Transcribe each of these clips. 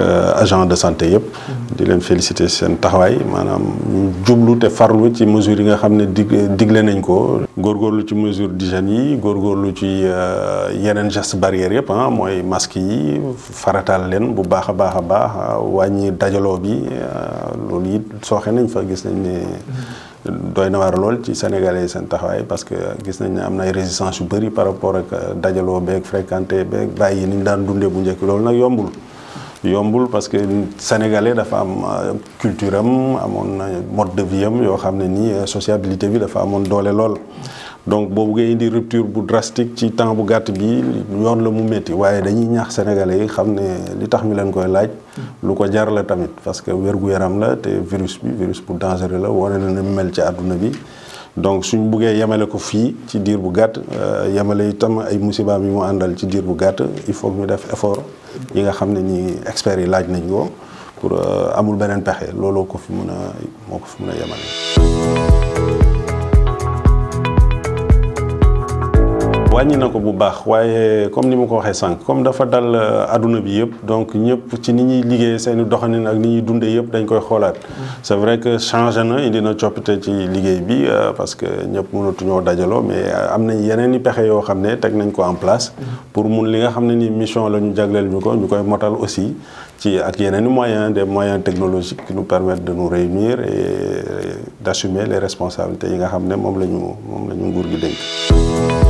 Euh, agent de santé yëpp. di leen féliciter seen taxawaay maanaam ñu jublu te farlu ci mesures yi nga xam ne dig digle nañ ko. góorgóorlu ci mesure d'hygiène yi góorgóorlu ci euh, yeneen gestes barrières yëpp ah mooy masques yi farataal leen bu baax a baax a baax ah, wàññi dajaloo bi euh, loolu it sooxe nañ fa gis nañ ne. doy na waar lool ci sénégalais yi seen taxawaay parce que gis nañ ne am na ay résistance yu bari par rapport ak dajaloo beeg fréquenté beeg bàyyi ni ñu daan dundee bu njëkk loolu nag yombul. yombul parce que sénégalais dafa am euh, culture amone mode de vie yo xamné ni ne nii euh, sociabilité bi dafa amoon doole lool. donc boo buggee indi rupture bu drastique ci temps bu gàtt bi yoon la mu metti waye dañuy ñax sénégalais xamné li tax mi leen koy laaj. lu ko jar la tamit parce que wergu yaram la té virus bi virus bu dangereux la woné na mel ci aduna bi. donc suñ buggee yemale ko fi ci dir bu gàtt euh, yemale itam ay musiba bi mu andal ci dir bu gàtt il faut ñu def effort. ñi nga xam ne nii experts yi laaj nañ ko pour euh, amul beneen pexe looloo ko fi mun a moo ko fi mën a yemale wàññi nako bu baax waye comme ni ma ko waxee sànq comme dafa dal euh, aduna bi yëpp donc ñëpp ci ni ñi liggéey seeni doxalin ak ni ñi dundé yëpp dañ koy xolaat mm-hmm. c'est vrai que changer na indi na coppite ci liggéey bi euh, parce que ñëpp mënatuñoo dajalo mais euh, am nañ yeneen pexé yo xamné tek nañ ko en place. Mm-hmm. pour mun li nga xamné ni mission lañu ñu jagleel ñu ko ñukoy motal aussi. ci ak yeneen moyens des moyens technologiques qui nous permettent de nous réunir et d'assumer les responsabilités yi nga xamné mom lañu mom lañu moom la ñu nguur gi dénk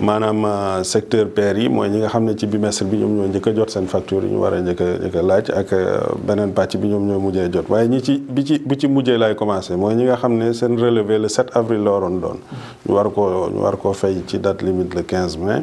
maanaam euh, secteur pair yi mooy ñi nga xam ne ci bimestre bi ñoom ñoo njëkk a jot seen facture yi ñu war a njëkk a njëkk a laaj ak euh, beneen pàcc bi ñoom ñoo mujjee jot waaye ñi ci bi ci bi ci mujjee laay commencé mooy ñi nga xam ne seen relevé le 7 avril la waroon doon ñu war koo ñu war koo fay ci date limite le 15 mai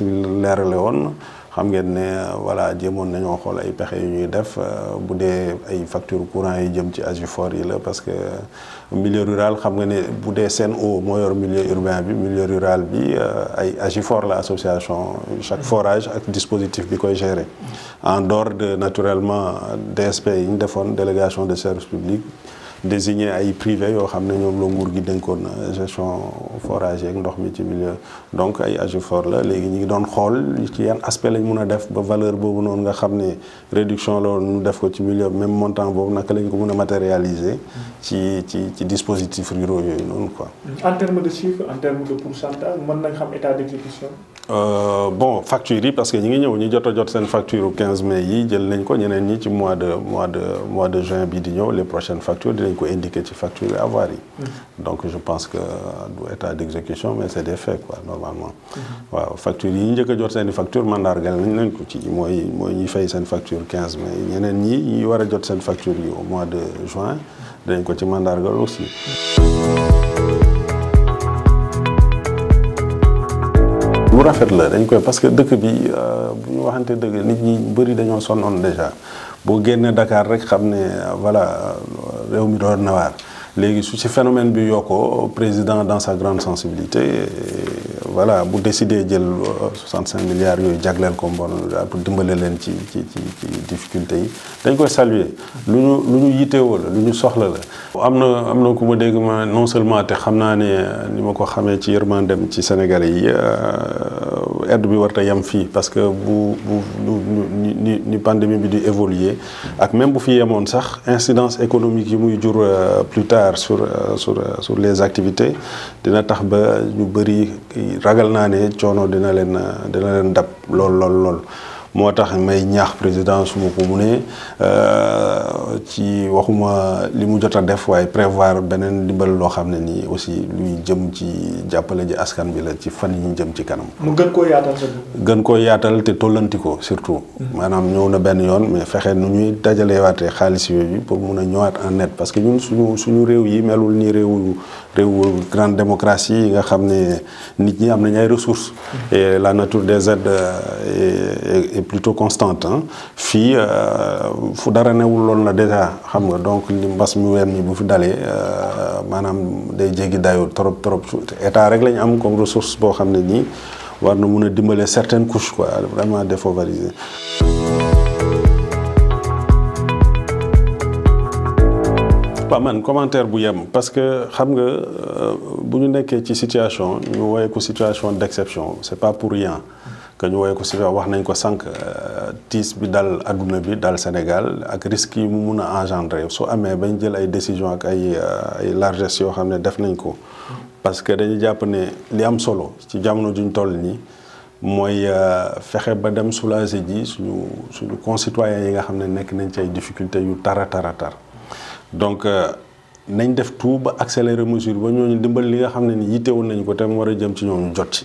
ministre bi leerale woon que ne voilà jéemoon nañoo xool ay pexe yu ñuy def euh, bu ay facture courant yi jëm ci parce que milieu rural xam nga ne bu dee yor milieu urbain bi milieu rural bi euh, ay fort la association chaque forage ak dispositif bi koy gérer en dehors de naturellement DSP yi ñu délégation de services publics désigné ay privé yoo xam ne ñoom la nguur gi dénkoon na euh, gestion forage yeeg ndox mi ci milieu donc ay AGEFOR la léegi ñu ngi doon xool ci yan aspect lañ mun a def ba valeur boobu noonu nga xam réduction la ñu def ko ci milieu même montant boobu naka lañ ko mun a matérialiser. ci ci ci dispositif rural, non quoi. en terme de chiffre en terme de pourcentage mon nañ xam état d'exécution. Euh, bon facture parce que ñi ngi ñëw ñu jot jot sen facture 15 mai yi jël nañ ko ñeneen ñi ci mois de mois de mois de juin bi di ñëw les prochaines factures dinañ ko indiquer ci facture yi avoir yi. Mm-hmm. donc je pense que do état d'exécution exécution mais c'est des faits quoi normalement. Mm-hmm. waaw facture yi ñu jot sen i facture mandargal nañ nañ ko ci moy moy ñi fay sen facture 15 mai ñeneen ñi ñi wara jot sen facture yi au mois de juin dinañ ko ci mandargal aussi. lu rafet la dañ koy parce que dëkk bi euh, bu ñu waxante dëgg nit ñi bëri dañoo sonnoon déjà bo génnee Dakar rek xam ne euh, voilà euh, réew mi doon na léegi su ci phénomène bi yokkoo président dans sa grande sensibilité voilà bu décidez de 65 milliards de jagleel ko euh, pour dimbale les ci ci ci difficulté yi dañ koy saluer lu ñu lu ñu yitewoo la soxla la. am na dégg non seulement te xam naa ne euh, ni moi ko xamee ci yërmandeem ci Sénégalais yi. Euh, aide bi war a fi parce que bu bu ni ni pandémie bi di évoluer ak même bu fi yemoon sax incidence économique yi muy jur euh, plus tard sur euh, sur euh, sur les activités dina tax ba ñu bari ragal naa ne coono dina leen dina len dab lool lool lool moo tax may ñaax président su ma ko munee euh, ci waxuma li mu jot a def waaye prévoir beneen dimbal loo xam ne nii aussi luy jëm ci jàppale ji askan bi la ci fan yi ñu jëm ci kanam. mu gën koo yaatal gën koo yaatal te tollanti ko surtout. Mm-hmm. maanaam ñëw na benn yoon mais fexe nu ñuy dajaleewaatee xaalis yooyu pour mun a ñëwaat en net parce que ñun suñu suñu réew yi melul ni réewu réewu grande démocratie yi nga xam ne nit ñi am nañ ay ressources. Mm-hmm. la nature des aides euh, plutôt constante ah hein. euh, il déjà donc mi bu fi euh, day trop trop état rek am comme ressources nous. war na certaines couches quoi vraiment défavorisées. man commentaire parce que xam nga euh, ci situation ñu ko situation d'exception c'est pas pour rien. que ñu woowee ko sida wax nañ ko sànq euh, tiis bi dal adduna bi dal Sénégal ak risques yi mu mun a engendrer su amee ba ñu jël ay décision ak ay euh, ay largesses yoo xam ne def nañ ko. parce que dañu jàpp ne li am solo ci jamono juñ toll nii mooy euh, fexe ba dem soulager ji suñu suñu concitoyens yi nga xam ne nekk nañ ci ay difficultés yu tara tara tar donc. nañ def tout ba accélérer mesure ba ñooñu dimbal li nga xam ne ni yittewoon nañ ko te mu war a jëm ci ñooñu jot ci.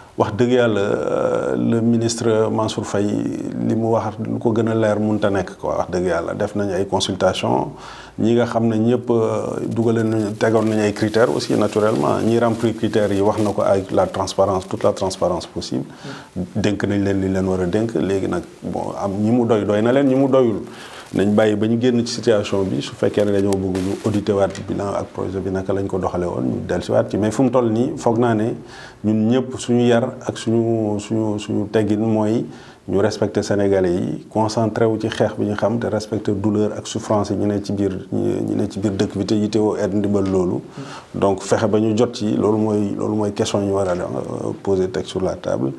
wax deug yalla euh, le ministre Mansour Fay li mu wax lu ko gëna a leer munta nek quoi wax deug yalla def nañ ay consultation ñi nga xamne ne ñëpp euh, dugale nañ tegoon nañu ay critères aussi naturellement ñi remplir critères yi wax nako ay la transparence toute la transparence possible denk nañ leen li leen wara denk légui nak bon am ñi mu doy doy na leen ñi mu doyul nañ bayyi bañu ñu génn ci situation bi su fekkee ne dañoo bëgg ñu auditer waat bilan ak projet bi naka lañ ko doxale woon ñu waat ci mais fu mu toll nii foog naa ne ñun ñëpp suñu yar ak suñu suñu suñu teggin mooy ñu respecter sénégalais yi concentré wu ci xeex bi ñu xam te respecter douleur ak souffrance yi ñu ne ci biir ñu ne ci biir dëkk bi te yitewoo aide ndimbal loolu. donc fexe ba ñu jot ci loolu mooy loolu mooy question ñu war a euh, poser teg sur la table.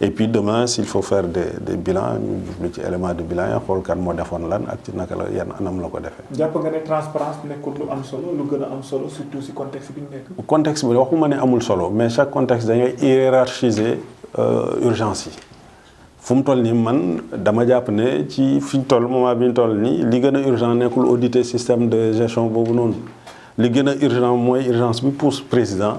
et puis demain s'il faut faire des des bilans ñu jublu ci élément de bilan ya xool kan moo defoon lan ak ci naka la yan anam la ko defee. jàpp nga ne transparence nekkul lu am solo lu gën a am solo surtout si contexte bi ñu nekk. contexte bi waxuma ne amul solo mais chaque contexte il hiérarchiser euh, urgence yi fu toll ni man dama japp né ci fi toll moment biñ de toll ni li gëna urgent nekul auditer système de gestion de non li gëna urgent moy urgence bi pour président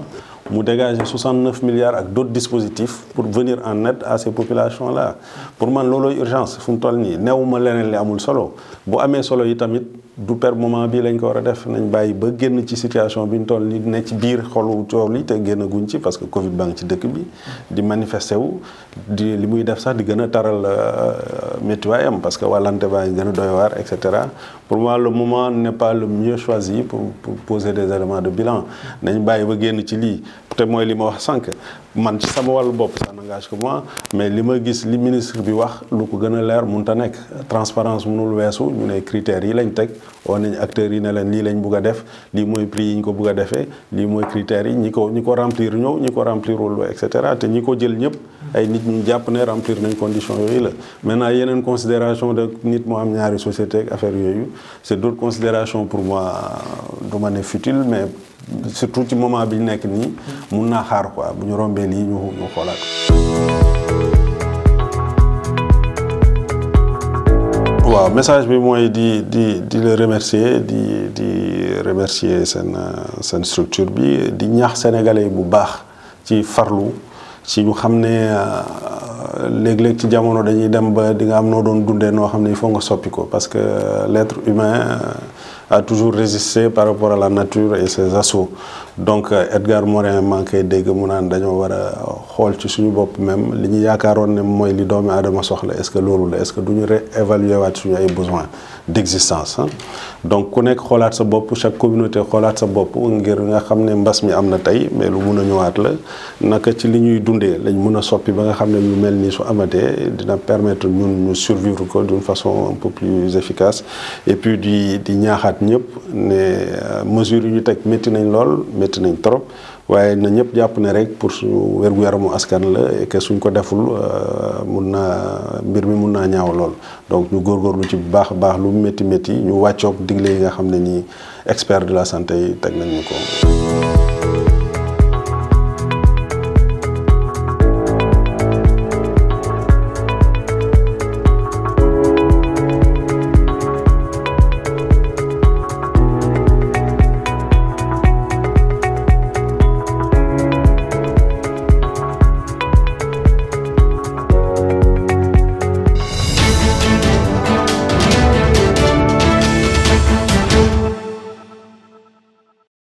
mu dégager 69 milliards ak d'autres dispositifs pour venir en aide à ces populations là pour man loolooy urgence fum toll ni néwuma lénen li amul solo bu amé solo yi tamit du per moment bi lañ ko wara def nañ bàyyi ba génn ci situation bi ñu toll ni ne ci biir xolu tool yi te génn guñ ci parce que Covid baa ngi ci dëkk bi di manifesté wu di li muy def sax di gën a taral euh, métiwaayam parce que wàllante baa ngi gën a doy waar et cetera pour moi le moment n'est pas le mieux choisi pour pour poser des éléments de bilan nañ bàyyi ba génn ci lii te mooy li ma wax sànq man ci sama wàllu bopp ça n'engage que moi mais li ma gis li ministre bi wax lu ko gën a leer mun ta nekk transparence mënul weesu ñu ne critères yi lañ teg oo nañ acteurs yi ne leen lii lañ bugg a def lii mooy prix yi ñu ko bugg a defee lii mooy critères yi ñi ko ñi ko remplir ñëw ñi ko remplirul et cetera te ñi ko jël ñëpp ay nit ñu jàpp ne remplir nañ condition yooyu la maintenant yeneen considération de nit mu am ñaari société ak affaire yooyu c'est d'autres considérations pour moi euh, de manière futile mais surtout ci moment bi ñu nekk nii na naa xaar quoi bu ñu rombee lii ñu ñu message bi mooy di di di le remercier di di remercier cette euh, seen structure bi di ñaax sénégalais bu baax ci farlu ci ñu xam ne euh, léeg-léeg ci jamono dañuy dem ba di nga am noo doon dundee noo xam ne il faut nga soppi ko parce que euh, l'être humain a toujours résisté par rapport à la nature et ses assauts donc euh, Edgar Morin manquait de koy dégg mu naan dañoo war a ci suñu même li ñu yaakaaroon ne mooy li doomi aadama soxla est-ce que loolu la est-ce que nous ñu réévaluer waat suñu ay besoins d'existence hein? donc ku nekk xoolaat sa pour chaque communauté xoolaat sa bopp ngir nga xam ne mbas mi am na tey mais lu mun a ñëwaat la naka ci li d'undé. dundee lañ mun a soppi ba nga xam ne lu mel nii su amatee dina permettre ñun nous survivre ko d'une façon un peu plus efficace et puis di di ñëpp ne euh, mesures yu ñu teg métti nañ lool métti nañ trop waaye na ñëpp jàpp ne rek pour su wérgu yaramu askan la et suñ ko deful euh, mun naa mbir mi mun naa ñaaw lool. donc ñu góorgóorlu ci bu baax a baax lu métti métti ñu wàccoog digle yi nga xam ne ni experts de la santé yi teg nañ ñu ko.